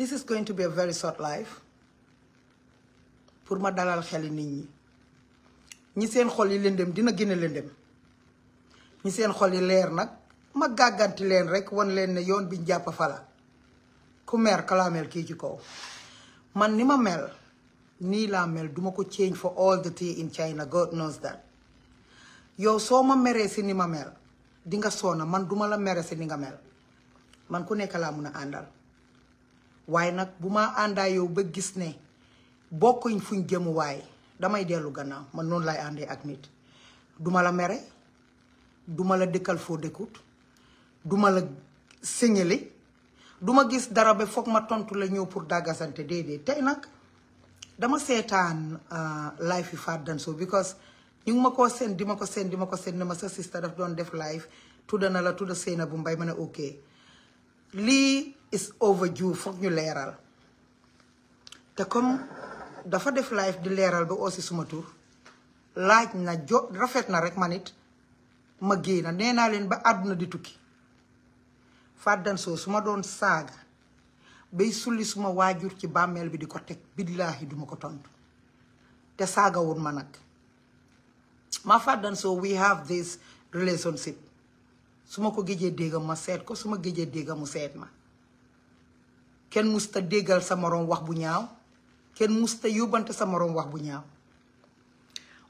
this is going to be a very short life pour ma dalal xeli nit ñi ñi seen xol yi dina gën a lëndëm ñi seen xol leer nag ma gàgganti leen rek wan leen ne yoon biñ jàpp fala ku mer kalaamel kii ci kaw man ni ma mel nii laa mel duma ko change for all the tea in China God knows that yow soo ma meree si ni ma mel dinga soona man duma la mere si ni nga mel man ku nekk laa mun a àndal waaye nag bu ma àndaa yow ba gis ne bokkuñ fuñ jëmuwaay damay dellu gannaaw man noonu laay àndee ak nit duma la mere duma la dëkkal foo dëkkut duma la signalé duma gis dara ba foog ma tontu la ñëw pour dàggasante déedéet tey nag dama seetaan euh, live yi Fatou Danso because ñu ngi ma koo seen di ma ko seen di ma ko seen ne ma sa sista daf doon def live tudda na la tudda Seynabou Mbaye ma ne ok lii is overdue foog ñu leeral te comme dafa def live di leeral ba aussi suma tur laaj na jo rafet na rek man it ma génn na nee ba àdduna di tukki Fatou Danso su ma doon saaga bay sulli suma wajur ci bàmmeel bi di ko teg billaahi duma ko tontu te saaga woon ma nag ma Fatou Danso we have this relationship su ma ko géjee déggam ma seet ko su ma géjee déggam mu seet ma kenn musta déggal sa moroom wax bu ñaaw kenn musta yóbbante sa moroom wax bu ñaaw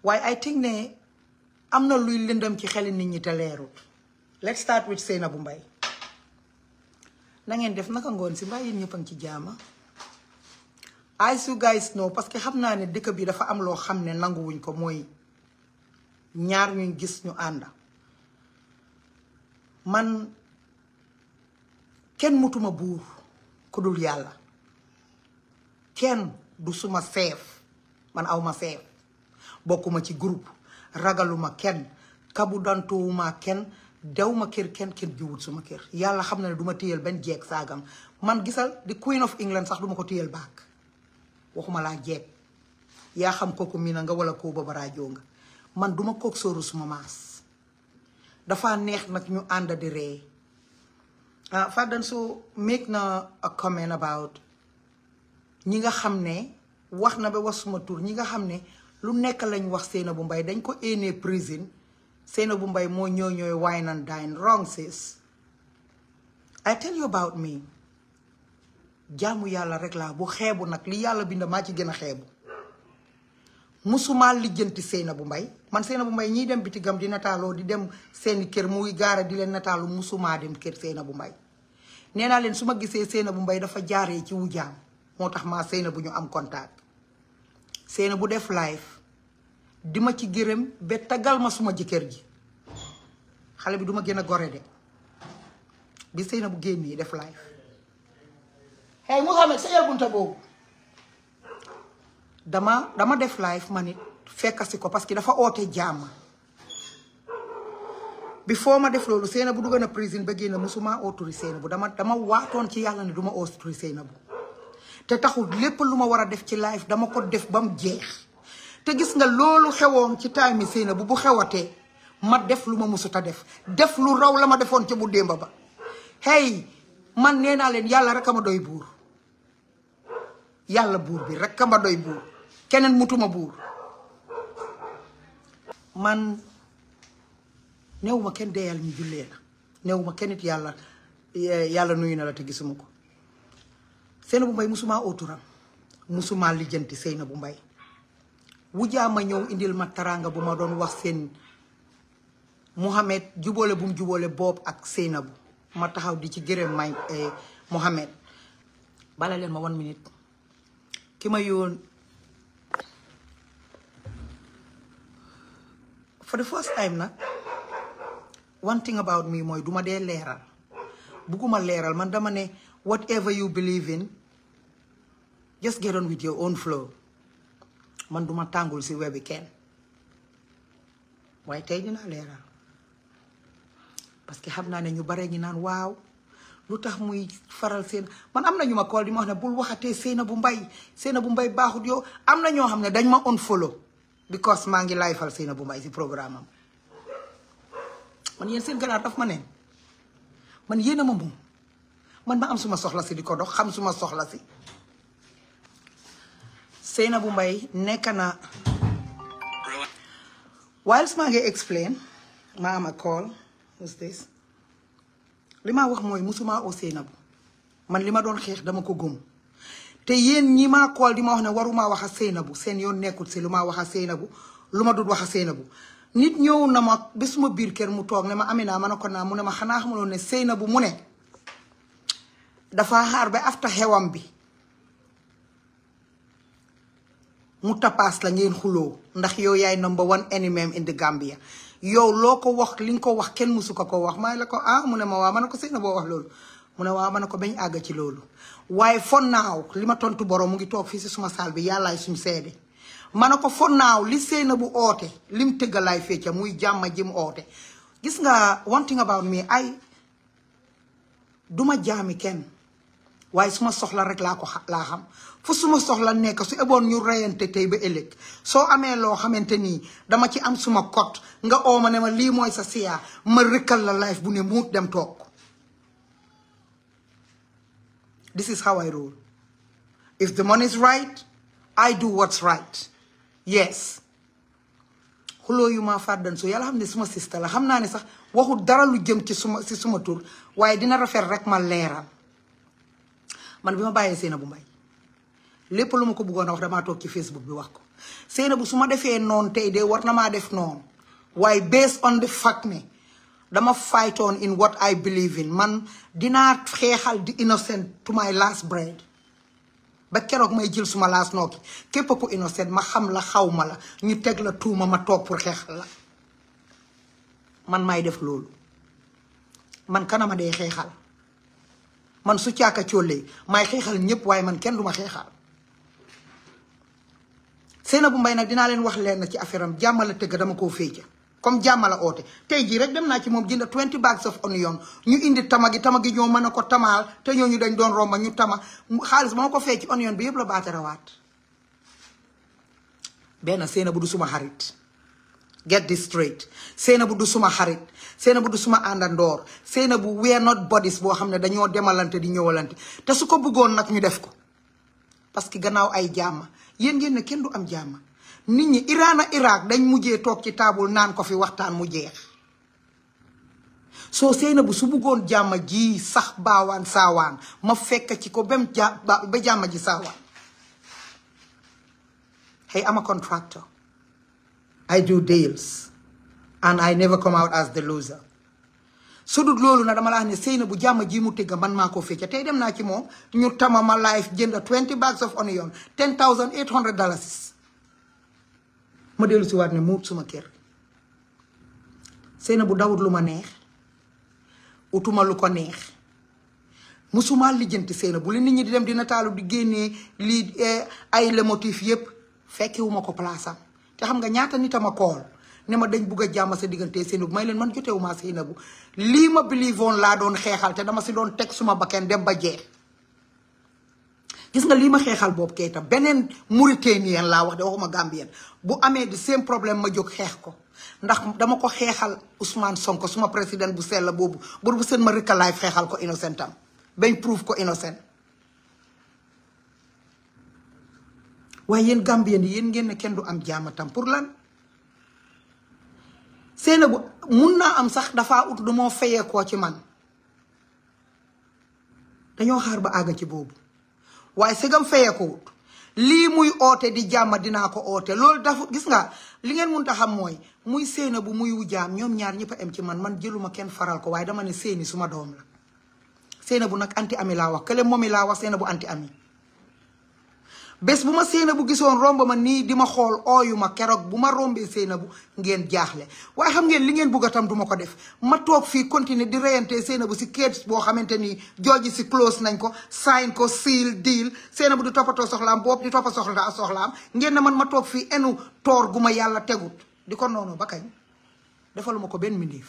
waaye I think ne am na luy lëndam ci xeli nit ñi te leerut let's start with Sainabou Mbye na ngeen def naka ngoon si mbaa yéen ñëpp a ci jaama as you guys know parce que xam naa ne dëkk bi dafa am loo xam ne nanguwuñ ko mooy ñaar ñu gis ñu ànda man kenn mutuma buur ku dul yàlla kenn du suma seef man awma seef bokkuma ci groupe ragaluma kenn kabu dantuwuma kenn dewma kër kenn kenn jiwut suma kër yàlla xam na ne duma téyal benn jeeg saagam man gisal di Queen of England sax duma ko téyal baak waxuma laa jeeg yaa xam kooku miina nga wala koo ba baraajo nga man duma kook sóoru suma maas dafa neex nag ñu ànd di ree ah, Fadden so make na a comment about ñi nga xam ne wax na ba wax suma tur ñi nga xam ne lu nekk lañ wax bu mbay dañ ko éenee prison Sainabou Mbye moo ñëw ñooy wine and dine wrong sis I tell you about me jaamu yàlla rek laa bu xeebu nag li yàlla bind maa ci gën a xeebu musuma lijjanti bu mbay man Seynabou mbay ñiy dem bitigam di nataaloo di dem seeni kër muy gaara di leen nataalu musuma dem kër Seynabou Mbaye nee naa leen su ma gisee bu mbay dafa jaaree ci wujaam moo tax maa bu ñu am contact bu def live di ma ci gërëm ba tagal ma suma jëkkër gi xale bi duma gën a gore de bi Seynabou génnee def live hey Mouhamed sa yel bunta boobu dama dama def live ma nit fekkasi ko parce que dafa oote jàmm bi foo ma def loolu seena bu dugg na prison ba génn musuma autorisé Seynabou dama dama waatoon ci yàlla ne duma ma autorisé Seynabou te taxul lépp lu ma war a def ci live dama ko def ba mu jeex te gis nga loolu xewoon ci time yi Seynabou bu xewatee ma def lu ma musut a def def lu raw la ma defoon ci bu démb ba hey man nee naa leen yàlla rek a ma doy buur yàlla buur bi rek ma doy buur keneen mutuma buur man néew kenn deyal ñu jullee la néew ma kenn yàlla yàlla nuyu na la te gisuma ko seyna bu mbay musuma ooturam musuma lijjanti seyna bu mbay wujaa ma ñëw indil ma taraanga bu ma doon wax seen Mohamed jubóole bu mu jubóole boob ak seyna bu ma taxaw di ci gërëm may eh, Mohamed bala leen ma one minute ki ma yoon for the first time nag one thing about me mooy duma dee leeral bugguma leeral man dama ne whatever you believe in just get on with your own flow man duma tàngul si webi kenn waaye tey dinaa leeral parce que xam naa ne ñu bare ngi naan waaw lutax muy faral seen man am na ñu di ma wax ne bul waxate seyna bu mbay seyna bu mbay am na amna ño xamne dañ ma follow because ma ngi live fal bu mbay si programme am man yeen seen gënal daf ma neen man yéen ma mum man ma am suma soxla si di dox xam suma soxla si seyna bu mbay nekana whilst ma ngi explain ma am a call what's this li wax mooy musuma Ousseynou man li ma doon xeex dama ko gëm te yéen ñi ma kool di ma wax ne waruma wax a bu seen yoon nekkul si lu ma wax a Seynabou lu ma dul wax a Seynabou nit ñëw na ma ba suma biir kër mu toog ne ma Amina ma ne naa mu ne ma xanaa xamuloon ne bu mu ne dafa xaar ba afta xewam bi mu tapaas la ngeen xuloo ndax yow yaay number one enemy in the Gambia yow loo ko wax li nga ko wax kenn musu ko ko wax maa la ko ah mu ne ma waa ma ne ko sëy na boo wax loolu mu ne waa ma ne ko bañ àgg ci loolu waaye for naaw li ma tontu borom mu ngi toog fii si suma saal bi yàllaay suñu seede ma ne ko for naaw li sëy na bu oote lim tëggalaay fecca muy jàmm jim oote gis nga one thing about me ay duma jaami kenn waaye suma soxla rek laa ko laa xam fu suma soxla nekk su eboon ñu reyante tey ba ëllëg soo amee loo xamante nii dama ci am suma kot nga oo ma ne ma lii mooy sa siyaa ma rëkkal la life bu ne muut dem toog this is how I roll if the money is right I do what's right yes xuloo yu maa fàddan so yàlla xam ne suma sista la xam naa ne sax waxul dara lu jëm ci suma si suma tur waaye dina rafet rek ma leeral man bi ma bàyyee Seynabou Mbaye lépp lu ma ko bëggoon a wax damaa toog ci Facebook bi wax ko Seynabou su ma defee de war na maa def non. Why, based on the fact me dama fight on in what I believe in man dinaa xeexal di innocent to my last bread. ba keroog may jël suma last nooki képp ku innocent ma xam la xaw ma la ñu teg la tuuma ma toog pour xeexal la man maay def loolu man kanama dee xeexal man su caaka coolee may xeexal ñëpp waaye man kenn du ma seena Seynabou Mbaye nag dinaa leen wax leen ci affaire am jàmm la tëgg dama koo féeca comme jàmm la oote tey jii rek dem naa ci moom jënd 20 bags of onion ñu indi tama gi tama gi ñoo man a ko tamaal te ñooñu dañ doon romba ñu tama xaalis ba ma ko fee ci onion bi yëpp la baatarawaat benn Seynabou du suma xarit get this straight Seynabou du suma xarit Seynabou du suma àndandoor Seynabou bu are not bodies boo xam ne dañoo demalante di ñëwalante te su ko bëggoon nag ñu def ko parce que gannaaw ay jàmma yéen ngeen kenn du am jàmm nit ñi Iran ak Irak dañ mujjee toog ci taabul naan ko fi waxtaan mu jeex soo Seynabou su bëggoon jàmma ji sax baawaan saawaan ma fekk ci ko ba jàmm ji saawaan hey I'm a contractor I do and I never come out as su dut loolu na dama la ne sëy na bu jàmm jii mu tëgg man maa ko fecca tey dem naa ci moom ñu tama ma life jënd twenty bags of onion ten thousand eight hundred dollars ma dellu si waat ne muut suma kër sëy na bu dawut lu ma neex utuma lu ko neex musuma lijjanti sëy na bu li nit ñi di dem dina taalu di génnee lii eh, ay le motif yépp fekkiwuma ko palaasam te xam nga ñaata a kool ne ma dañ bugg a jàmm sa diggante Seynabou may leen man jotewuma Seynabou lii ma believe woon laa doon xeexal te dama si doon teg suma bakken dem ba jeex gis nga lii ma xeexal boobu Keita beneen yeen laa wax de waxuma Gambien bu amee di seen problème ma jóg xeex ko ndax dama ko xeexal Ousmane Sonko suma président bu sell boobu bur bu seen ma rëkkalaay xeexal ko innocent tam bañ prouve ko innocent waaye yéen Gambien yi yéen ngeen ne kenn du am jaamatam pour lan Seynabou mun naa am sax dafaa ut lu moo fayee koo ci man dañoo xaar ba àgg ci boobu waaye sëgam fayee ko wut lii muy oote di jàmm dinaa ko ote lool dafa gis nga li ngeen mënta xam mooy muy Seynabou muy Woudiam ñoom ñaar ñëpp a am ci man man jëluma kenn faral ko waaye dama ne Seyni suma doom la Seynabou nag anti ami laa wax kële momi laa wax Seynabou anti ami bés bu ma Seynabou gisoon romb ma nii di ma xool ooyu ma keroog bu ma rombee bu ngeen jaaxle waaye xam ngeen li ngeen bugg a tam duma ko def ma toog fii continuer di reyantee Seynabou si kayit boo xamante ni jooji si close nañ ko sign ko seal deal Seynabou di toppatoo soxlaam boobu di toppa soxla soxlaam ngeen ne man ma toog fii enu toor gu ma yàlla tegut di ko noonu ba defaluma ko benn mindeef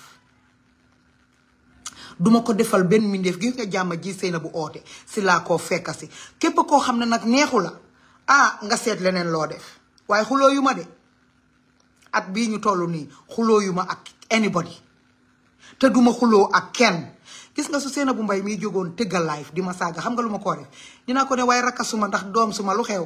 duma ko defal benn mindeef gis nga jàmm ji Seynabou oote si laa koo fekka si képp koo xam ne nag neexu la ah nga seet leneen loo def waaye xuloo yu ma de at bii ñu toll nii xuloo yu ma ak anybody te duma xuloo ak kenn gis nga su seena bu mbay miy jógoon tëgga live di ma saaga xam nga lu ma koo def dinaa ko ne waaye rakka ndax doom suma lu xew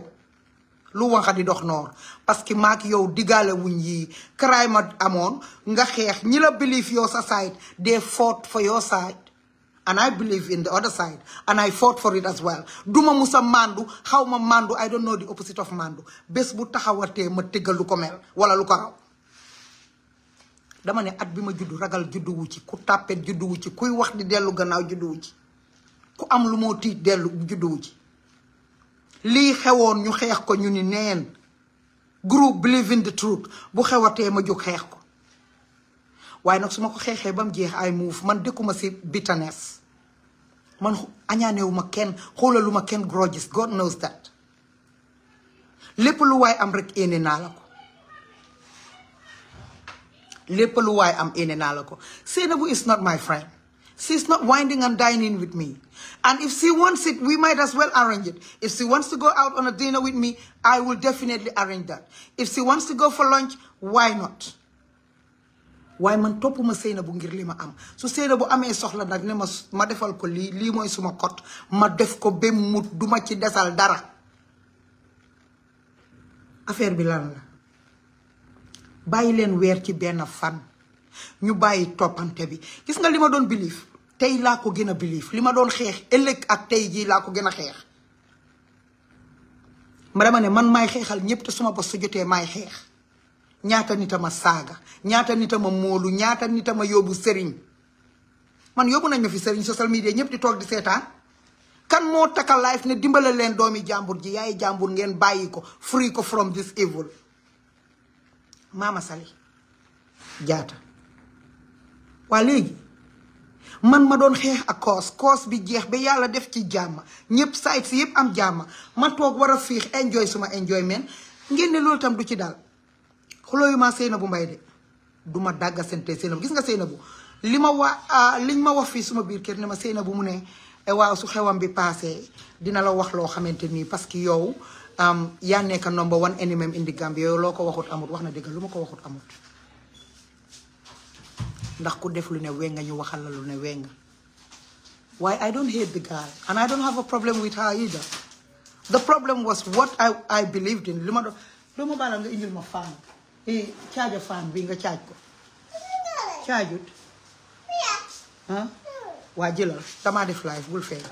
lu wanxa di dox noor parce que maak yow diggaale wuñ yi karaay ma amoon nga xeex ñi la believe yoo sa side des foot fa yoo side And I believe in the other side. And I fought for it as well. Duma musa mandu, how ma mandu, I don't know the opposite of mandu. Bes bu taxawate ma wala lu ko raw. Dama ne ragal judu wu ci, judu tapet juddu wu ci, kuy wax delu Ku am delu judu wu Li xewon ñu xex ko Group believe in the truth. Bu xewate ma why not? su ma ko xeexee ba mu jeex ay muuf man dëkkuma si bitterness man añaanewuma kenn xoolaluma kenn grudges God knows that lépp lu waay am rek éene naa la ko lépp lu waay am éene naa la ko is not my friend she's not winding and dining with me and if she wants it we might as well arrange it if she wants to go out on a dinner with me I will definitely arrange that if she wants to go for lunch why not waaye man topp ma bu ngir li ma am su bu amee soxla nag ne ma ma defal ko lii lii mooy suma kot ma def ko ba mu mut du ma ci desal dara affaire bi lan la bàyyi leen weer ci benn fan ñu bàyyi toppante bi gis nga li ma doon bilif tey laa ko gën a bilif li ma doon xeex ëllëg ak tey jii laa ko gën a xeex ma dama ne man maay xeexal ñépp te suma bos su jotee maay xeex ñaata nitama saga ñaata nitama moolu ñaata nitama yobu serign man yobu nañ ma fi serign social media ñëpp di tok di setan kan mo takal life ne dimbalal len doomi jambour ji yaay jambour ngeen bayiko free ko from this evil mama sali jaata wa legi man ma don xex ak cause cause bi jeex be yalla def ci jamm site yep am jamm ma tok wara fiix enjoy suma enjoyment ngeen ne lol tam du ci dal Why de dàgga sente gis nga wa ah, liñ ma wax suma biir kër ne ma mu ne eh, su xewam bi passé dina la wax parce que yow number one enemy in the Gambia yow waxut amut ko waxut amut ndax ku def lu ne wenga ñu waxal la lu ne wenga I don't hate the girl and I don't have a problem with her either the problem was what I I believed in nga indil ma caajo fan bi nga caaj ko caajut waa jëlal damaa def live bul feeñ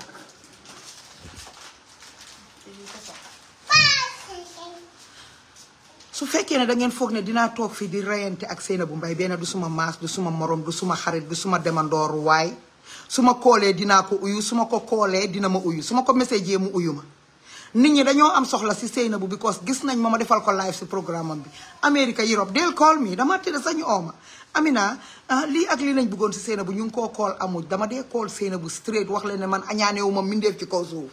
su fekkee ne da ngeen foog ne dinaa toog fii di reyante ak Seynabou Mbaye benn du suma maas du suma morom du suma xarit du suma demandoor waay su ma koolee dinaa ko uyu su ma ko koolee dina ma uyu su ma ko message mu uyu ma nit ñi dañoo am soxla si Seynabou because gis nañ ma ma defal ko live si programme am bi Amérique Europe del call mi dama tëdd sañu ooma Amina ah, lii ak lii lañ bëggoon si Seynabou ñu ngi koo call amuj dama dee call Seynabou straight wax leen ne man añaanewu ma mindeef ci kaw suuf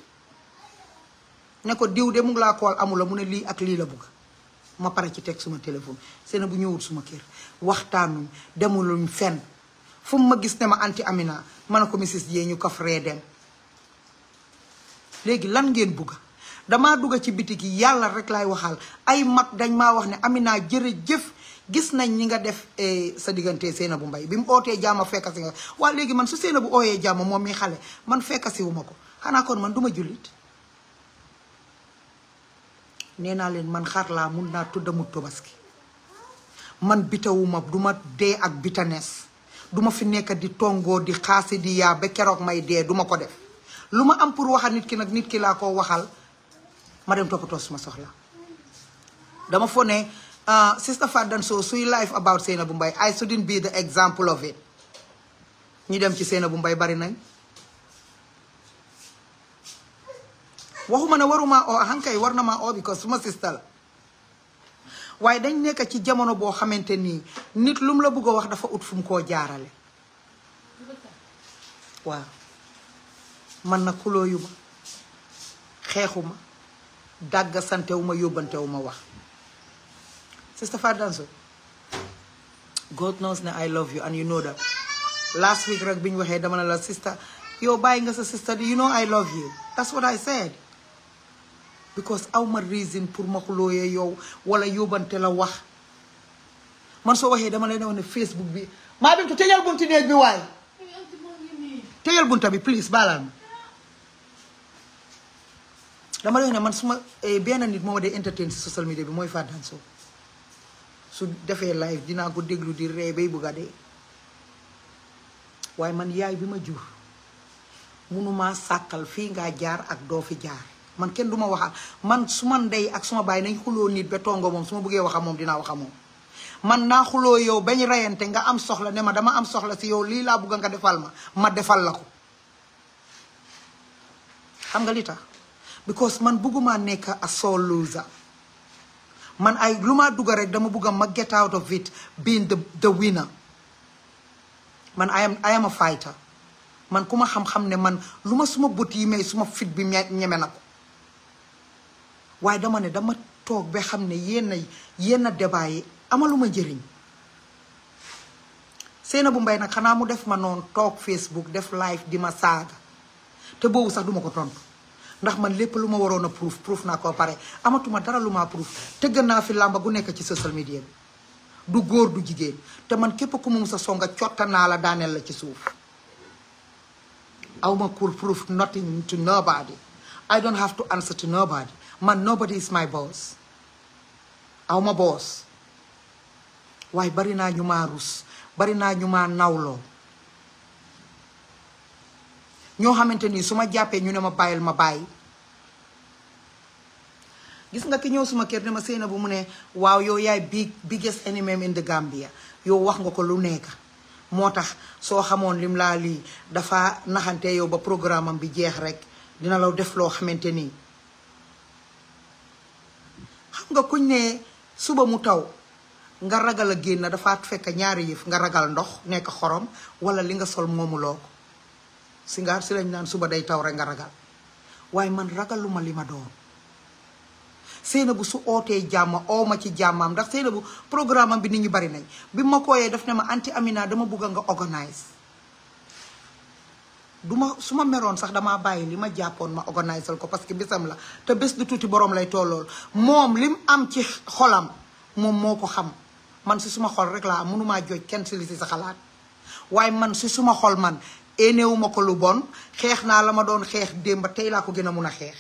ne ko diw de mu ngi laa call amu mu ne lii ak lii la bëgg ma pare ci teg suma téléphone bu ñëwul suma kër waxtaanuñ demuluñ fenn fu mu ma gis ne ma anti Amina ma ne ko misis yee ñu kaf ree dem léegi lan ngeen bëgg damaa dugg ci bitiki yàlla rek laay waxal ay mat dañ maa wax ne Amina jëf gis nañ ni nga def eh, sa diggante seena bu mbay bi mu ootee jaama fekkasi nga waa léegi man su seena bu ooyee jaama moom i xale man fekk wu ma ko xanaa kon man duma jullit nee naa leen man xar laa mun naa tuddamu tobaski man bitawuma duma dee ak bitanees duma fi nekk di tongoo di xaasi di yaa ba keroog may dee duma ko def lu ma am pour waxal nit ki nag nit ki laa ko waxal ma dem toppatoo suma soxla dama fone ne ah, Sister Fat suy life about bu mbay I shouldn't be the example of it ñi dem ci bu mbay bari nañ waxuma ne waruma oo hankay war na ma oo because suma sister la waaye dañ nekk ci jamono boo xamante nii nit lu mu la bëgg a wax dafa ut fu mu koo jaarale waaw man na kulooyu ma xeexu dàgg santewu ma yóbbantewu ma wax Sister Fat God knows that I love you and you know that last week rek bi ñu waxee dama ne la sister yow bàyyi nga sa sister you know I love you that's what I said because aw reason pour ma xulooyee yow wala yóbbante la wax man soo waxee dama leen wax Facebook bi maa bintu tëjal bunti néeg bi waaye tëjal bunta bi please baalaam dama lay ne man suma e eh, benn nit mo day entertain si social media bi moy Fadane so su defé live dina ko deglu di rebe bu bugg a man yaay bima ma jur munumaa sakal jar, nga jaar ak do fi jaar man ken duma waxal man su ma ndey ak suma bay nañ xulo nit ba tongo moom su ma bëggee wax ak moom man na xulo yow bañ rayante nga am soxla ne dama am soxla ci yow li la bëgg nga defal ma ma defal lako xam nga li tax because man bëgguma nekk a sore loser man ay lu ma dugg rek dama bëgg ma get out of it being the the winner man I am a fighter man ku ma xam-xam ne man lu ma suma bët yi may suma fit bi ñeme na ko waaye dama ne dama toog ba xam ne yenn yenn débat yi amaluma njëriñ bu Mbye nag xanaa mu def ma noonu toog Facebook def live di ma saaga te boobu sax duma ko tontu ndax man lépp lu ma waroon a proof proof naa ko pare amatuma dara lu ma proof tëgg naa fi làmba gu nekk ci social media du góor du jigéen te man képp ku mu sa songa cotta naa la daaneel la ci suuf awma cour proof nothing to nobody I don't man nobody is my boss awma waaye bari naa ñu maa rus bari naa ñu maa nawloo ñoo xamante ni su ma jàppee ñu ne ma bàyyil ma bàyyi gis nga ki ñëw suma kër ne ma sëy na bu mu ne waaw yow yaay big biggest enemy in the Gambia yow wax nga ko lu nekk moo tax soo xamoon lim laa lii dafa naxante yow ba programme bi jeex rek dina la def loo xamante nii xam nga kuñ ne suba mu taw nga ragal a génn dafa fekk ñaari yëf nga ragal ndox nekk xorom wala li nga sol moomuloo ko singaar si lañ naan suba day taw rek nga ragal waaye man ragaluma li ma doon seena bu su ootee jàmma oo ma ci jàmmaam ndax seena bu programme bi nit ñu bari nañ bi ma kooyee daf ne ma anti Amina dama bëgg nga organise du ma su ma meroon sax damaa bàyyi li ma jàppoon ma organisel ko parce que bésam la te bés du tuuti boroom lay tollool moom li lim am ci xolam moom moo ko xam man si suma xol rek laa mënumaa jooj kenn si li si sa xalaat waaye man si suma xol man enewuma ko lu bon xex na la ma doon xeex démb tey laa ko gëna mëna xex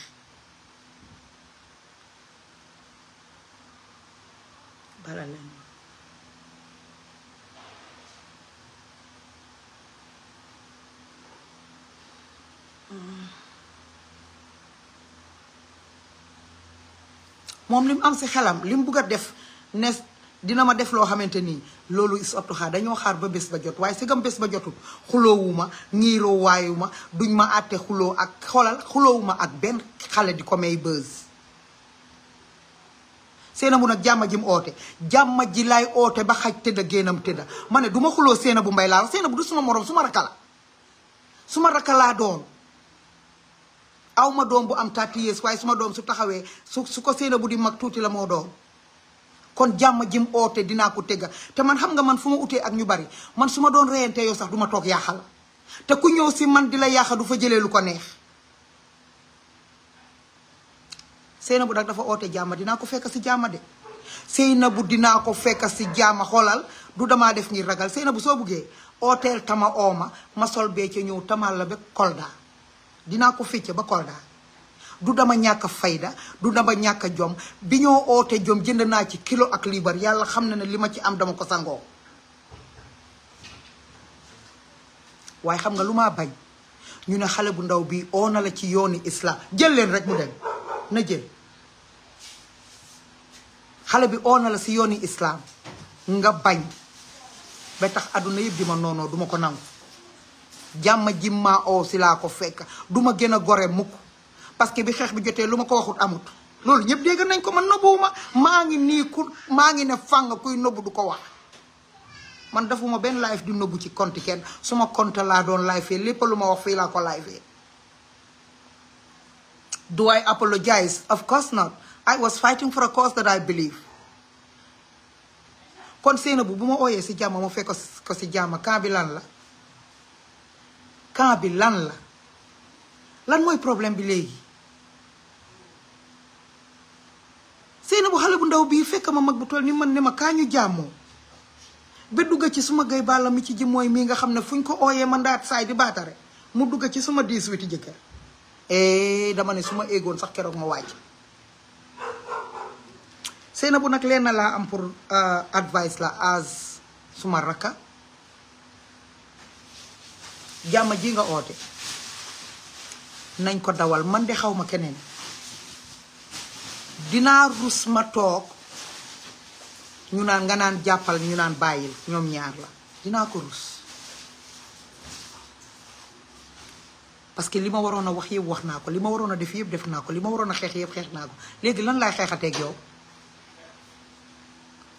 a xeex bala am ci xelam lim bëgg def ne dina ma def loo xamante nii loolu is abtuxaa dañoo xaar ba bés ba jot waaye sigam bés ba jotul xuloowuma ñiiroo waayuma duñ ma àtte xuloo ak xoolal xuloowuma ak benn xale di ko may bës seena bu nag jàmma ji mu oote jàmma ji laay oote ba xaj tëdda génnam tëdda ma ne du ma xuloo seena bu mbay laa seena bu du suma moroom suma rakka la suma rakka laa doom aw ma doom bu am tàtti yees waaye suma doom su taxawee su su ko seena bu di mag tuuti la moo doom kon jàmm jim oote dinaa ko tëgga te man xam nga man fu ma utee ak ñu bari man su ma doon reyante yow sax duma toog yaaxal te ku ñëw si man di la yaaxa du fa jëlee lu ko neex Seynabou nag dafa oote jàmm dinaa ko fekk si jàmm de Seynabou dinaa ko fekk si jàmm xoolal du damaa def ngir ragal bu soo buggee ooteel tama ooma ma sol bee ca ñëw tamal la ba Kolda dinaa ko fecc ba Kolda du dama ñàkk fayda du dama ñaka jom bi ñoo oote jom jënd naa ci kilo ak libar yàlla xam na ne li ma ci am dama ko sangoo waaye xam nga lu maa bañ ñu ne xale bu ndaw bi oo na la ci yooni islam jël leen rek mu dem na jël xale bi ona la si yooni islam nga bañ ba tax aduna yëp dima nono noonoo duma ko nang jamma jimma o sila si laa ko fekk duma gën a gore mukk parce que bi xex bi jotté luma ko waxut amut lolou ñep dégg nañ ko man nobuma maangi ni ku maangi ne fang kuy nobu du ko wax man dafuma ben live di nobu ci compte ken suma compte la don live lepp luma wax fi la ko live do i apologize of course not i was fighting for a cause that i believe kon senabu buma oyé ci jamm mo fekk ko ci jamm kan bi lan la kan bi lan la lan moy problème bi légui Seynabou xale bu ndaw bii fekk ma mag bu toll ni man ne ma kaa ñu jàmmoo ba dugg ci suma gay bàlla mi ci ji mooy mii nga xam ne fuñ ko ooyee ma ndaat saay di baatare mu dugg ci suma 18 jëkkër eh dama ne su ma éegoon sax keroog ma wàcc bu nag lenn laa am pour euh, advice la as suma rakka jàmm ji nga oote nañ ko dawal man de xaw ma keneen dinaa rus ma toog ñu naan nga naan jàppal ñu naan bàyyil ñoom ñaar la dinaa ko rus parce que li ma waroon a wax yëpp wax naa ko li ma waroon a def yëpp def naa ko li ma waroon a xeex yëpp xeex naa ko léegi lan laay xeexateeg yow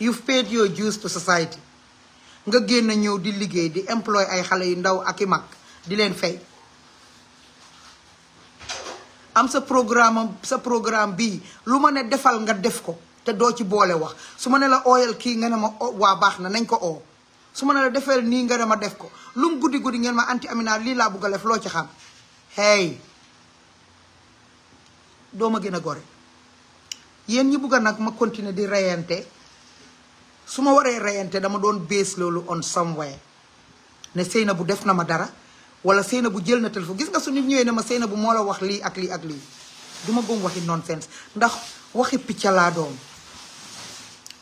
you've paid your dues to society nga génn ñëw di liggéey di employ ay xale yu ndaw ak i mag di leen fay am sa programme sa programme bii lu ma ne defal nga def ko te doo ci boole wax su ma ne la ooyal kii nga ne ma waa baax na nañ ko oo su ma ne la defal nii nga ne ma def ko lu mu guddi guddi ngeen ma anti amina lii laa bugg a def loo ci xam hey doo ma gën a gore yéen ñi bugg nag ma continuer di reyante su ma waree reyante dama doon bées loolu on somewhere ne na Seynabou def na ma dara wala seyna bu jël na téléphone gis nga su nit ñëwee ne ma seyna bu moo la wax lii ak lii ak lii du ma gëm waxi nonsense ndax waxi picca laa doom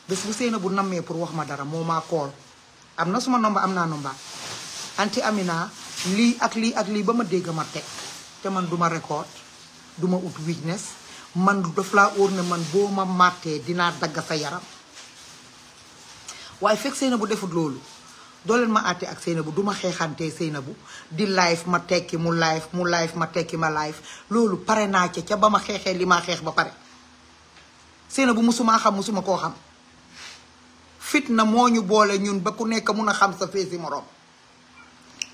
bés bu seyna bu nammee pour wax ma dara moo maa kool am na suma nomba am naa nomba anti Amina lii ak lii ak lii ba ma dégg ma teg te man du ma record duma ma ut witness man daf laa óor ne man boo ma màttee dinaa dagg sa yaram waaye fekk seyna bu defut loolu doo leen ma àtte ak Seynabou du duma xeexantee bu di live ma tekki mu live mu live ma tekki ma live loolu pare naa ca ca ba ma xeexee li maa xeex ba pare Seynabou musumaa xam musuma koo xam fitna moo ñu boole ñun ba ku nekk mun a xam sa feesi moroom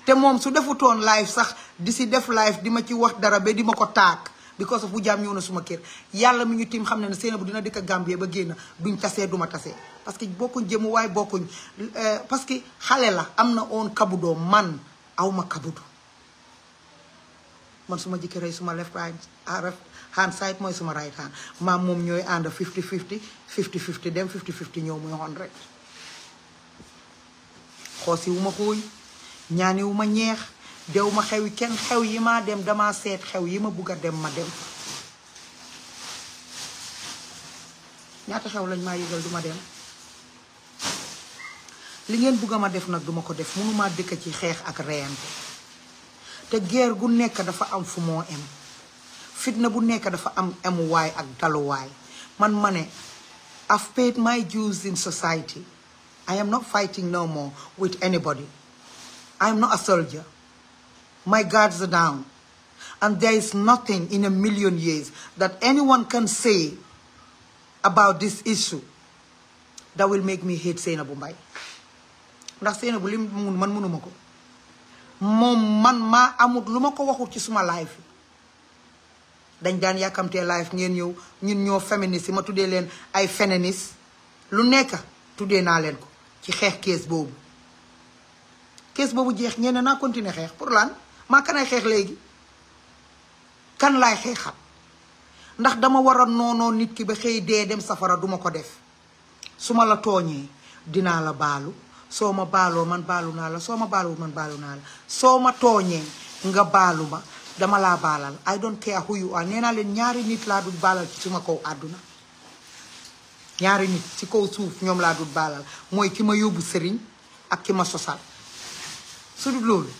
te moom su defutoon live sax di si def live di ma ci wax dara ba di ma ko taak because of bu jaam na suma kër yàlla mu ñu tiim xam ne ne Sainabou dina dëkk Gambie ba génn duñ tasee duma tasee parce que bokkuñ jëmu waaye bokkuñ euh, parce que xale la am na oon kabudoo man awma kabudu man suma jëkkër rey suma left hand ah, side mooy suma right hand maam moom ñooy ànd 50 50 50 50 dem 50 50 ñëw muy xon rek xoosi wu ma xuuy ma ñeex dew ma xew yi kenn xew yi maa dem dama seet xew yi ma bugg a dem ma dem ñaata xew lañ maa yëgal duma dem li ngeen bugg a ma def nag duma ko def mënuma dëkk ci xeex ak reyante te geer gu nekk dafa am fu moo em fitna bu nekk dafa am emuwaay ak daluwaay man ma ne I've paid my dues in society I am not fighting no more with anybody I am not a soldier My guards are down. And there is nothing in a million years that anyone can say about this issue that will make me hate Sainabu Mbaye ndax Sainabu li man mënuma mako, moom man maa amut lu ma ko waxul ci suma live dañ daan yàkkamtee life ngeen ñëw ñun ñoo féministe yi ma tuddee leen feminist, luneka lu nekk tuddee naa ki ko ci xeex kees boobu kees boobu jeex ñeneen naa continuer xeex pour lan maa kanay xeex léegi kan laay xeexat ndax dama war a noonoo nit ki ba xëy dee dem safara duma ko def su ma la tooñee dinaa la baalu soo ma baaloo man baalu naa la soo ma baaloo man baalu naa la soo ma tooñee nga baalu ma dama laa baalal ay doon care who you are nee naa leen ñaari nit laa dul baalal ci suma kaw àdduna ñaari nit ci kaw suuf ñoom laa dul baalal mooy ki ma yóbbu sëriñ ak ki ma sosal su dul loolu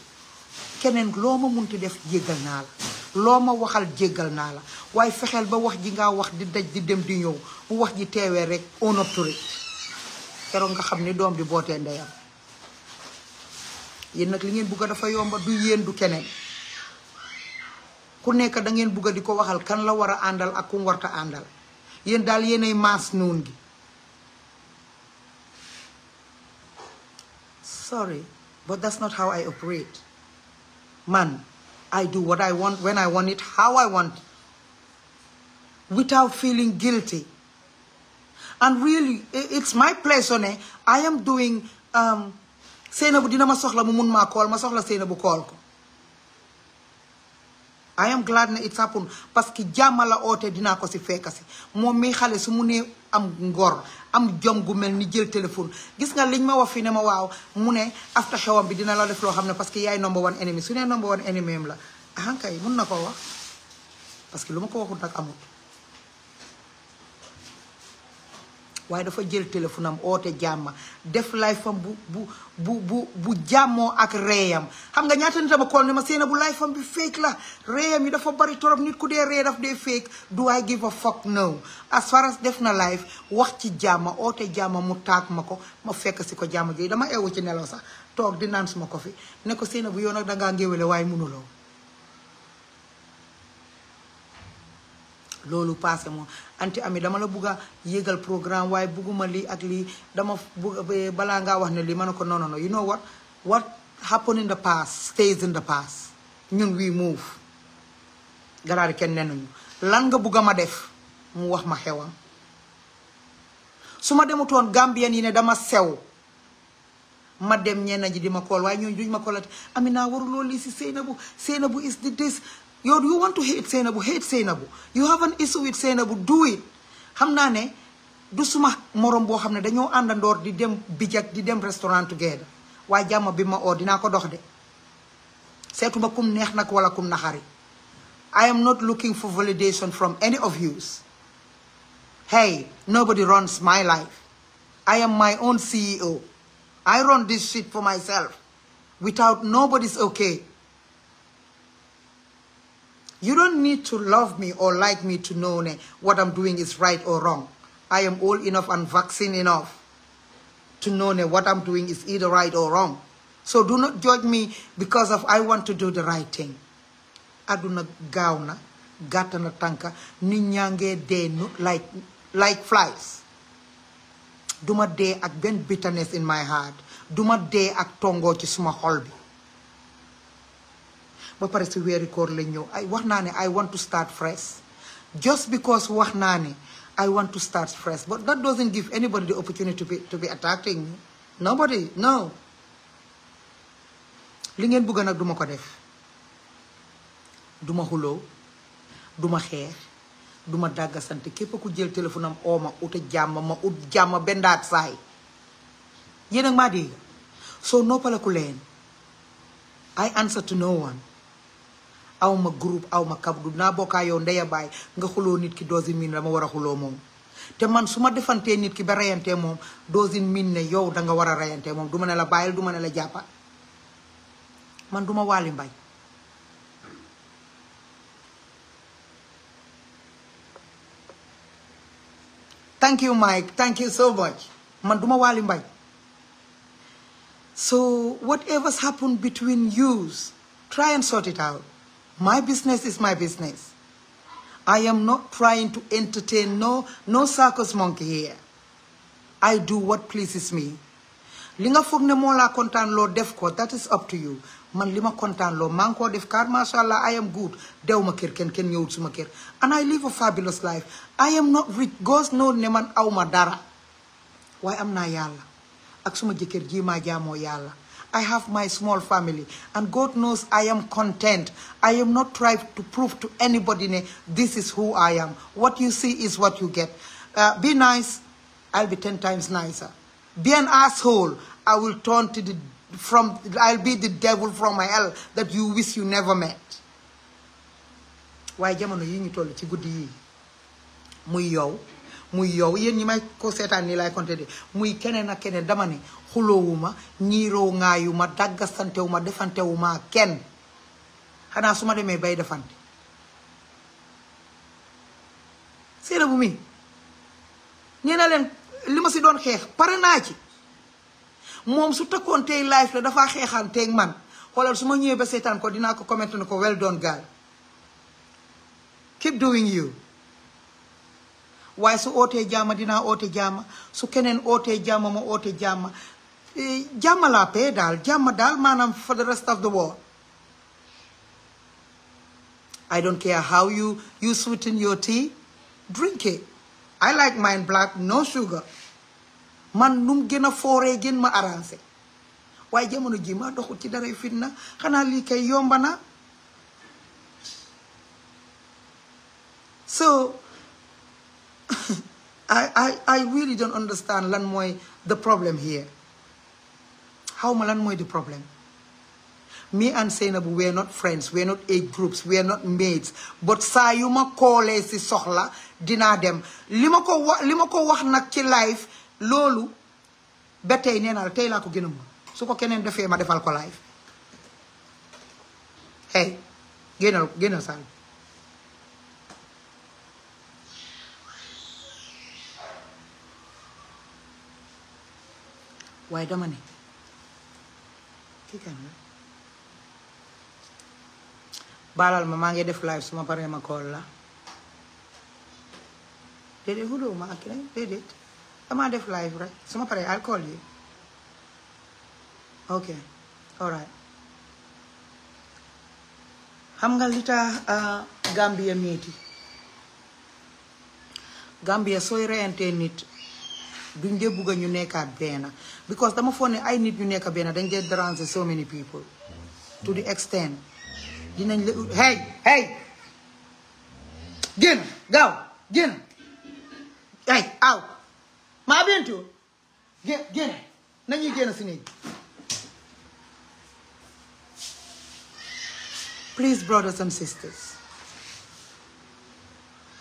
keneen loo ma munti def jéggal naa la loo ma waxal jéggal naa la waaye fexeel ba wax ji ngaa wax di daj di dem di ñëw bu wax ji teewee rek on autorité keroog nga xam ni doom bi bootee ndeyam yéen nag li ngeen bugg a dafa yomba du yéen du keneen ku nekk dangeen ngeen bugg di ko waxal kan la war a àndal ak ku warta àndal yéen daal yéenay maas noon gi sorry but that's not how I operate man, I do what I want, when I want it, how I want it, without feeling guilty. And really, it's my place on it. I am doing, um, I am glad ne it's happened parce que jàmmal la oote dinaa ko si fekk si moom mi xale su mu nee am ngor am jom gu mel ni jël téléphone gis nga liñ ma wax fi ne ma waaw mu ne after xewam bi dina la def loo xam ne parce que yaay number one enemy su ne number one enemy am la ahankay mun na koo wax parce que lu ma ko waxul nag amul waaye dafa jël téléphone am oote jàmma def live fam bu bu bu bu bu jàmmoo ak reeyam xam nga ñaata nit a ma kool ne ma seena bu live fam bi féek la reeyam yi dafa bari torop nit ku dee ree daf dee fake do I give a fuck no as far as def na live wax ci jàmma oote jàmma mu taag ma ko ma fekk si ko jàmma jooyu dama eewu ci nelaw sax toog di naan suma ko fi ne ko seena bu yow nag dangaa ngéwéle waaye mënuloo loolu passé moom anti ami dama la bugg a yëgal programme waaye bugguma lii ak lii dama bugg balaa ngaa wax ne lii ma ne ko non yu non you know what what happened in the past stays in the past ñun we move garaari kenn nenuñu lan nga bugg a ma def mu wax ma xewam su ma demutoon gambien yi ne dama sew ma dem ñena ji di ma kol waaye ñooñu duñ ma kolat Amina lo li ci seynabu seynabu is the this You you want to hate seynabu hate seynabu you have an issue with seynabu do it xamna ne du suma morom bo xamne dañu andandor di dem bijak di dem restaurant together wa jamm bi ma ordina ko dox de setuma kum neex nak wala kum nahari I am not looking for validation from any of you hey nobody runs my life I am my own CEO I run this shit for myself. Without nobody's okay. You don't need to love me or like me to know what I'm doing is right or wrong. I am old enough and vaccine enough to know what I'm doing is either right or wrong. So do not judge me because of I want to do the right thing. Aduna gauna, na tanka, ninyangé de like like flies duma dee ak benn bitterness in my heart duma dee ak tongoo ci suma xol bi ba pare si weeri koor lañ ñëw ay I want to start fresh just because wax I want to start fresh but that doesn't give anybody the opportunity to be to be attacking nobody no li ngeen bëgg nag duma ko def duma xuloo duma xeex duma ma dàgg sant képp ku jël téléphone am oo ma ut a jàmm ma ut jàmm bendaat saay yéen ak maa dégg soo noppalaku leen I answer to no one aw ma groupe aw ma kabdu naa bokkaa yow ndeya baay nga xuloo nit ki doesn't miin dama war a xuloo moom te man su ma defantee nit ki ba reyantee moom doesn't mean ne yow danga war a reyantee moom du ma ne la bàyyil du ma ne la jàppa man duma ma wàlli mbay thank you Mike thank you so much man Walimbai. so whatever's happened between yous try and sort it out my business is my business I am not trying to entertain no no circus monkey here I do what pleases me Linga nga foog ne moo laa that is up to you man lima ma kontaan man ko def car I am good dew ma kër ken kenn ñëwul suma kër and I live a fabulous life I am not rich God no ne man aw dara am na yàlla ak suma jëkkër jii yàlla I have my small family and God knows I am content I am not trying to prove to anybody ne this is who I am what you see is what you get uh, be nice I'll be ten times nicer be an asshole I will turn to the from I'll be the devil from hell that you wish never met waaye jamono yi ñu toll ci guddi yii muy yow muy yow yéen ñi may ko seetaan nii laay compté de muy keneen ak keneen dama ne xuloowuma ñiiroo ŋaayu ma dàggasantewu ma defantewu ma kenn xanaa su ma demee bay defante séena bu mi nee leen li ma si doon xeex pare naa ci moom su takkoon tey live la dafaa xeexaan teeg man xoolal su ma ñëwee ba seetaan ko dinaa ko comment na ko well done girl. keep doing you waaye su ootee jàmm dinaa oote Jama, su keneen ootee jàmm ma oote jàmm Jama. laa pee daal Jama dal manam for the rest of the world I don't care how you you sweeten your tea drink it I like mine black no sugar man nu mu gën a fooree gën ma arrangé waaye jamono jii ma doxul ci daray fitna xanaa lii kay yomba na so I I I really don't understand lan mooy the problem here xaw ma lan mooy the problem me and bu we are not friends we are not age groups we are not mates but saa yu ma koolee si soxla dinaa dem li ma ko wa li ma ko wax nag ci live loolu ba tey nee naa tey laa ko gën a mën su ko keneen defee ma defal ko live hey génnal génnal saal waaye dama ne kii baalal ma maa ngi def live su ma paree ma kool la déedéet xuloo ma ak déedéet damaa def live rek su ma I'll call you ok all right xam nga li tax uh, Gambia metti Gambia sooy reyantee nit duñ dee bugg ñu nekkaat benn because dama foog I need nit ñu nekk benn dañ dee so many people to the extent hey hey génn go. génn hey out. My bintu gé Now you get a néeg please brothers and sisters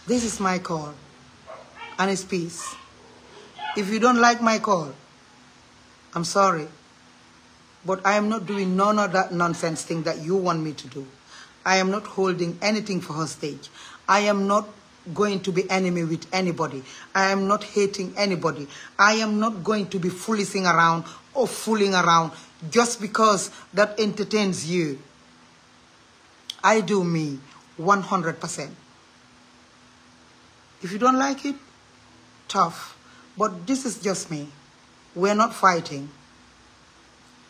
this is my call and it's peace if you don't like my call I'm sorry but I am not doing none of that nonsense thing that you want me to do I am not holding anything for hostage I am not going to be enemy with anybody. I am not hating anybody. I am not going to be fooling around or fooling around just because that entertains you. I do me 100%. If you don't like it, tough. But this is just me. We're not fighting.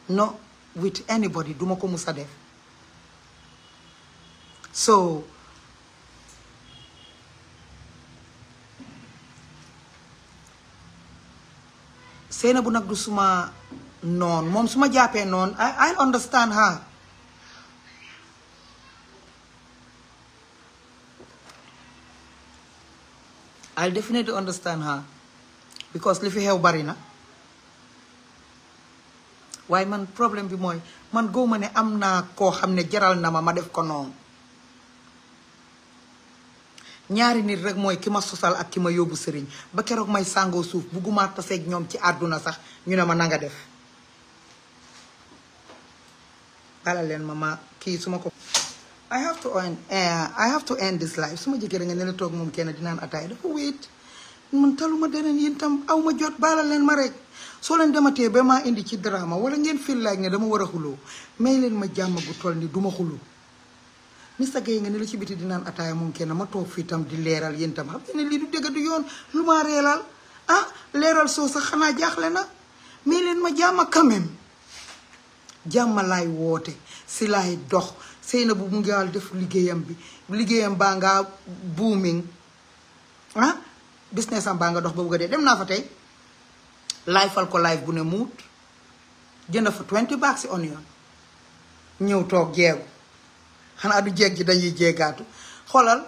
Not with anybody. Dumoko So, Seynabou nag du suma noon moom su ma jàppee noon I understand her I definitely understand her because li fi xew bari na waaye man problème bi mooy man góob ma ne am naa koo xam ne jaral na ma ma def ko noonu ñaari nit rek mooy ki ma sosal ak ki ma yóbbu sëriñ ba keroog may sàngoo suuf bugguma taseeg ñoom ci àdduna sax ñu ne ma nanga def bala leen ma ma kii su ma ko I have to end eh, I have to end this life su ma jëkkee nga ne la toog moom kenn dinaan ataay dafa wéet mun taluma deneen yéen tam aw ma jot bala leen ma rek soo leen dematee ba maa indi ci drama wala ngeen feel like ne dama war a xuloo may leen ma jàmm gu toll ni duma xuloo Mr Gueye nga ne la ci biti di naan ataaya moom kenn ma toog fii tam di leeral yéen tam xam ne lii du dëgg du yoon lu maa reelal ah leeral soo sax xanaa jaaxle na mais leen ma jàmm quand jàmm laay woote si laay dox sëy bu mu ngiwàl def liggéeyam bi liggéeyam baa ngaa booming ah business baa nga dox ba bëgg a dee dem naa fa tey live ko live bu ne muut jënd fa 20 baax si onion ñëw toog jeegu xanaa du jeeg ji dañuy jeegaatu xoolal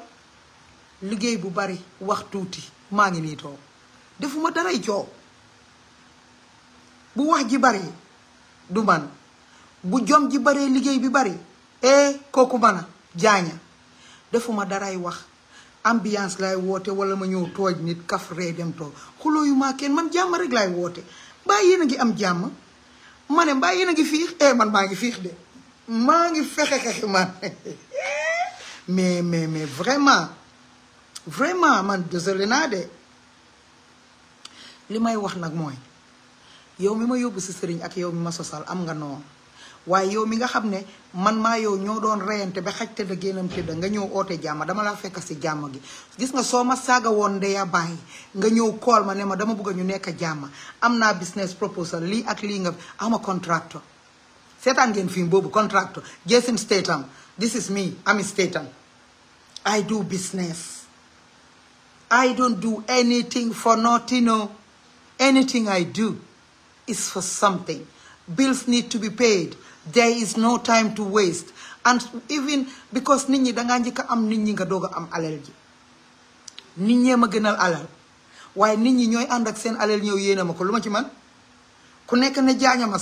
liggéey bu bari wax tuuti maa ngi nii toog defuma daray coow bu wax ji bari du man bu jom ji baree liggéey bi bari e kooku man a jaaña defuma daray wax ambiance lay woote wala ma ñëw tooj nit kaf ree dem toog xuloo yu maa kenn man jàmm rek lay woote mbaa yéen a ngi am jàmm ma ne mbaa yéen a ngi fiix e man maa ngi fiix de maa ngi fexe man mais mais mais vraiment vraiment man désolé naa de li may wax nag mooy yow mi ma yóbbu si sëriñ ak yow mi ma sosal am nga noonu waaye yow mi nga xam ne man maa yow ñoo doon reyante ba xaj tëdd génnam tëdd nga ñëw oote jàmm dama laa fekk si jàmm gi gis nga soo ma saaga woon ndeya bàyyi nga ñëw kool ma ne ma dama bëgg ñu nekk jàmm am naa business proposal lii ak lii nga ama contractor seetaan ngeen film boobu contractor Jason Statham this is me I'm Ami Statham I do business I don't do anything for nothing no anything I do is for something bills need to be paid there is no time to waste and even because nit danganjika am nit kadoga am alal ji nit ñee ma gënal alal waaye nit ñi ñooy ànd ak seen alal ñëw yéena ma ko lu ma ne jaaña ma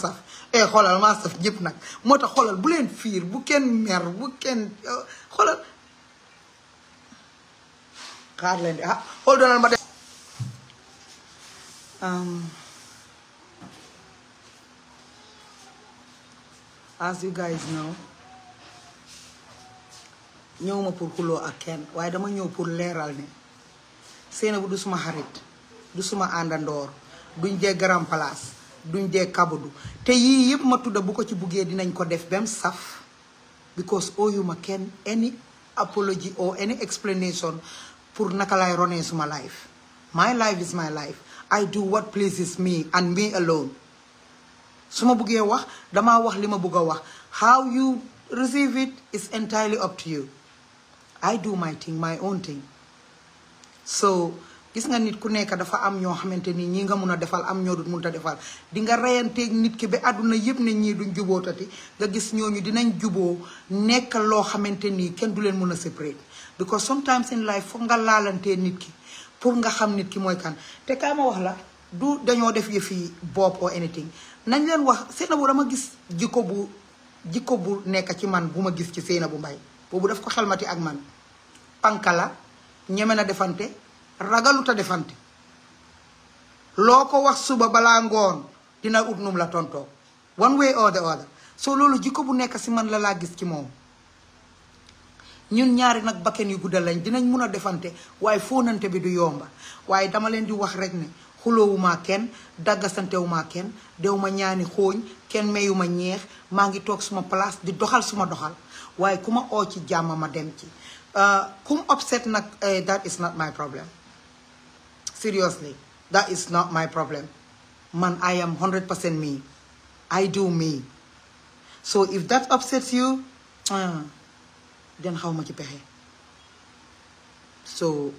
e eh, xolal ma saf jep nak motax xolal bu len fiir bu ken mer bu ken eh, xolal xaar len ah xool doonal ma def as you guys know ñewuma pour xulo ak ken waye dama ñew pour leeral ne Seynabou du suma xarit du suma andandor duñ jee grand place duñ dee kabadu te yii yëpp ma tudda bu ko ci buggee dinañ ko def bem saf because you ma ken any apology or any explanation pour naka laay ronee suma life my life is my life I do what pleases me and me alone su ma buggee wax damaa wax li ma wax how you receive it is entirely up to you I do my thing my own thing so gis nga nit ku nekk dafa am ñoo xamante nii ñii nga mun a defal am ñoo dut mun a defal dinga nga reyanteeg nit ki ba àdduna yépp ne ñii duñ jubootati nga gis ñooñu dinañ juboo nekk loo xamante nii kenn du leen mun a séparé because sometimes in life foog nga laalantee nit ki pour nga xam nit ki mooy kan te kaa ma wax la du dañoo def yëfi bopp or anything nañ leen wax Sainabou dama gis jikko bu jikko bu nekk ci man bu ma gis ci Sainabou Mbye boobu daf ko xelmati ak man panka ñeme na defante ragalut defante loo ko wax suba balaa ngoon dina ut num la tontoo one way or other soo loolu jikko bu nekk si mën la laa gis ci moom ñun ñaari nag bakken yu guddal lañ dinañ mun a defante waaye fóonante bi du yomba waaye dama leen di wax rek ne xuloowuma kenn daggasantewuma kenn dewuma ñaani xooñ kenn mayuma ñeex maa ngi toog suma place di doxal suma doxal waaye ku ma oo ci jàmm ma dem ci euh, kum upset nag eh, that is not my problem seriously, that is not my problem. Man, I am 100% me. I do me. So if that upsets you, uh, then how much you pay? So,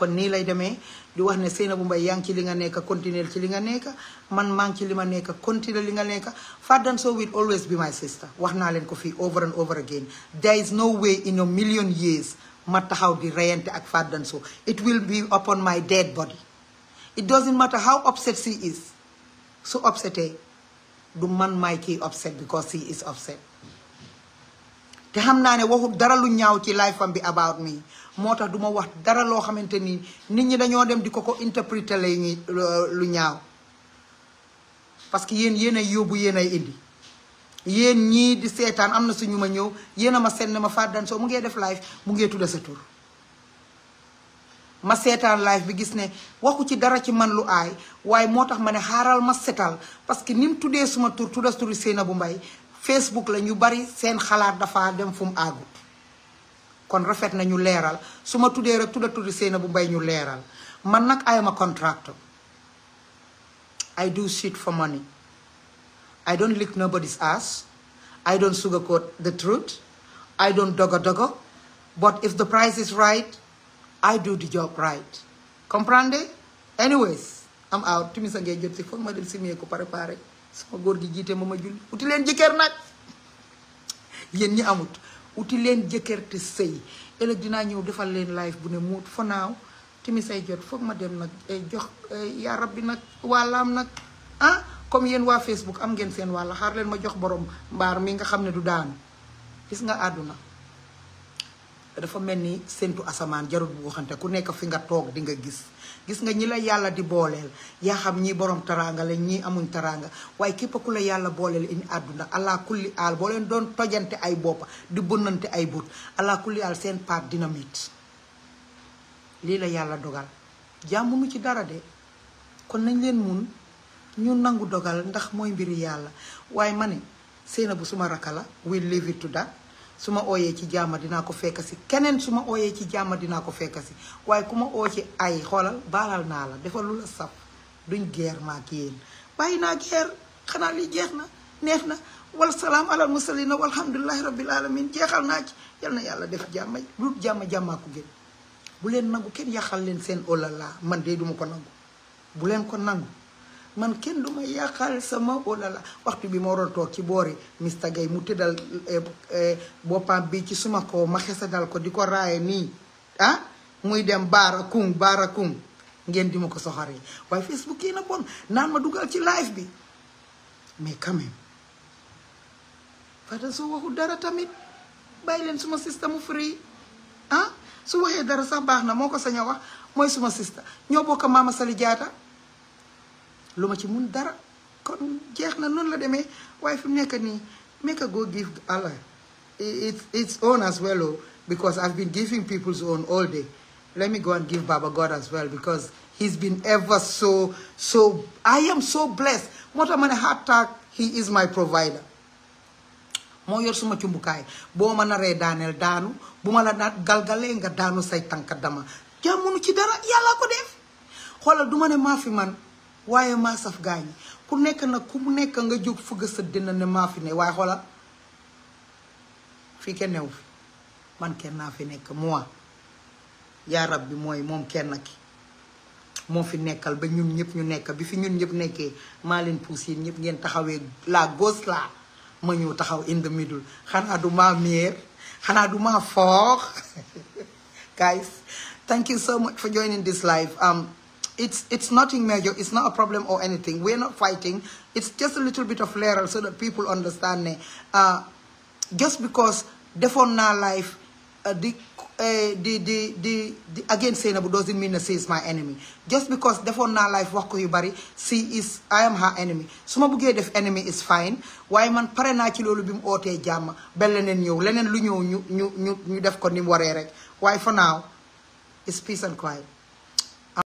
kon nii lay demee di wax ne Sainabou Mbye yaa ngi ci li nga nekk continuer ci li nga nekk man maa ngi ci li ma nekk continuer li nga nekk Fat So will always be my sister wax naa leen ko fii over and over again there is no way in a million years ma taxaw di reyante ak Fat Danso it will be upon my dead body it doesn't matter how upset she is su upsetee du man may kii upset because she is upset te xam naa ne waxut dara lu ñaaw ci life am bi about me moo tax duma wax dara loo xamante ni nit ñi dañoo dem di ko ko interpréter lay lu ñaaw parce que yéen yéen ay yóbbu yéen ay indi yéen ñii di seetaan am na suñu ma ñëw yéen a ma senn ma Fatou soo mu ngee def live mu ngee tudda sa tur ma seetaan live bi gis ne waxu ci dara ci man lu aay waaye moo tax ma ne xaaral ma setal parce que ni tuddee suma tur tudda turi Seynabou Mbaye Facebook la ñu bari seen xalaat dafa dem fu mu àggut kon rafet na ñu leeral su ma tuddee rek tudda turi bu Mbaye ñu leeral man nag ay ma contract I do shit for money I don't lick nobody's ass. I don't sugarcoat the truth. I don't doggo doggo. But if the price is right, I do the job right. Comprende? Anyways, I'm out. Timi sangé job ci fon madil dem simi ko pare Sama goor gi jité mama jul. Uti len jëkër nak. Yeen ñi amut. Uti len jëkër te sey. Ëlëk dina ñew defal len life bu ne moot for now. Timi say jot fokk ma dem nak eh, jox eh, ya rabbi nak walam nak. Ah comme yéen waa Facebook am ngeen seen wàll xaar leen ma jox borom mbaar mi nga xam ne du daanu gis nga àdduna dafa mel ni séntu asamaan jarut bu ku nekk fi nga toog di nga gis gis nga ñi la yàlla di booleel yaa xam ñii boroom taraanga la ñii amuñ taraanga waaye képp ku la yàlla booleel in àdduna allah kulli aal boo leen doon tojante ay bopp di bënnante ay but allah kulli aal seen part dynamite lii la yàlla dogal jàmm nu ci dara de kon nañ ñu nangu dogal ndax mooy mbir yàlla waaye ma ne séena bu suma rakka la we leave it to that su ma ooyee ci jàmm dinaa ko fekk si keneen su ma ooyee ci jàmm dinaa ko fekk si waaye ku ma oo ci ay xoolal baalal naa la dafa lu la saf duñ geer ma ak yéen bàyyi naa geer xanaa li jeex na neex na wal salaam alal musalina walhamdulilahi rabbil alamin jeexal naa ci yal na yàlla def jàmm lu jàmm jàmmaa ko gën bu leen nangu kenn yàqal leen seen olala man de duma ko nangu bu leen ko nangu man kenn du ma yàqal sama olala waxtu bi moo doon toog ci boori Mr Gueye mu tëddal eh, eh, boppam bi ci suma ko ma xesa dal ko di ko raaye nii ah muy dem baara kum baara kum ngeen di ma ko soxar yi waaye Facebook yi na bon naan ma dugal ci live bi mais quand même fata tamit bàyyi leen suma sista mu free ah su waxee dara sax baax na moo ko sañ a wax mooy suma sista ñoo bokk maama Sali Jaata lu ma ci mun dara kon jeex na noonu la deme waaye fi mu nekk make a go give Allah it's it's own as well oh because I've been giving people's own all day let me go and give Baba God as well because he's been ever so so I am so blessed What am ma ne hatta he is my provider moo yor suma cumbukaay bo ma naree daaneel daanu bu ma la naat galgalee nga daanu say tànk dama jaamunu ci dara yàlla ko def xoolal du ne maa man waaye ma saf gaañ ku nekk nag ku mu nekk nga jóg fëgg sa dina ne maa fi ne waaye xoolal fii kenn newu fi man kenn naa fi nekk moi yaa rab bi mooy moom kenn ki moo fi nekkal ba ñun ñëpp ñu nekk bi fi ñun ñëpp nekkee maa leen puus yéen ñëpp ngeen taxawee laa gos la ma ñëw taxaw in the middle xanaa du maa meer xanaa duma maa foox guys thank you so much for joining this live um, It's, it's nothing major. It's not a problem or anything. We're not fighting. It's just a little bit of layer so that people understand. uh, just because defon now life, uh, the, uh, the, the, the, the, again saying about doesn't mean that she is my enemy. Just because defon now life work you, yubari, she is, I am her enemy. Suma bugee def enemy is fine. Why man pare na ci lolu bim ote jam, bel ñew, lenen lu ñew ñu ñu ñu def ko nim waré rek. Why for now, it's peace and quiet.